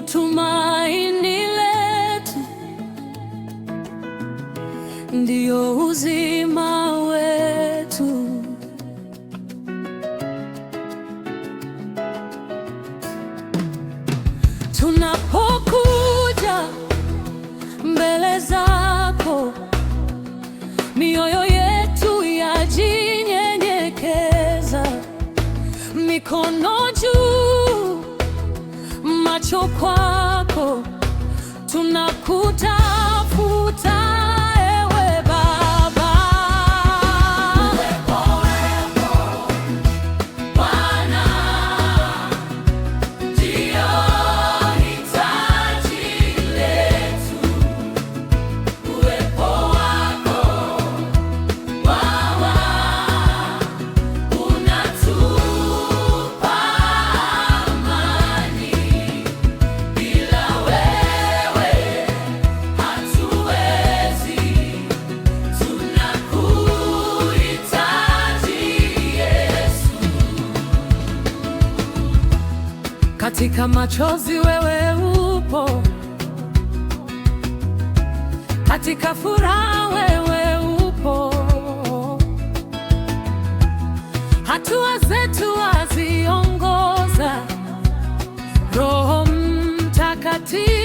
Ndilo tumaini letu, ndiyo uzima wetu. Tunapokuja mbele zako, mioyo yetu yajinyenyekeza, mikono juu macho kwako tunakuta Katika machozi wewe upo, katika furaha wewe upo. Hatua zetu waziongoza Roho Mtakatifu.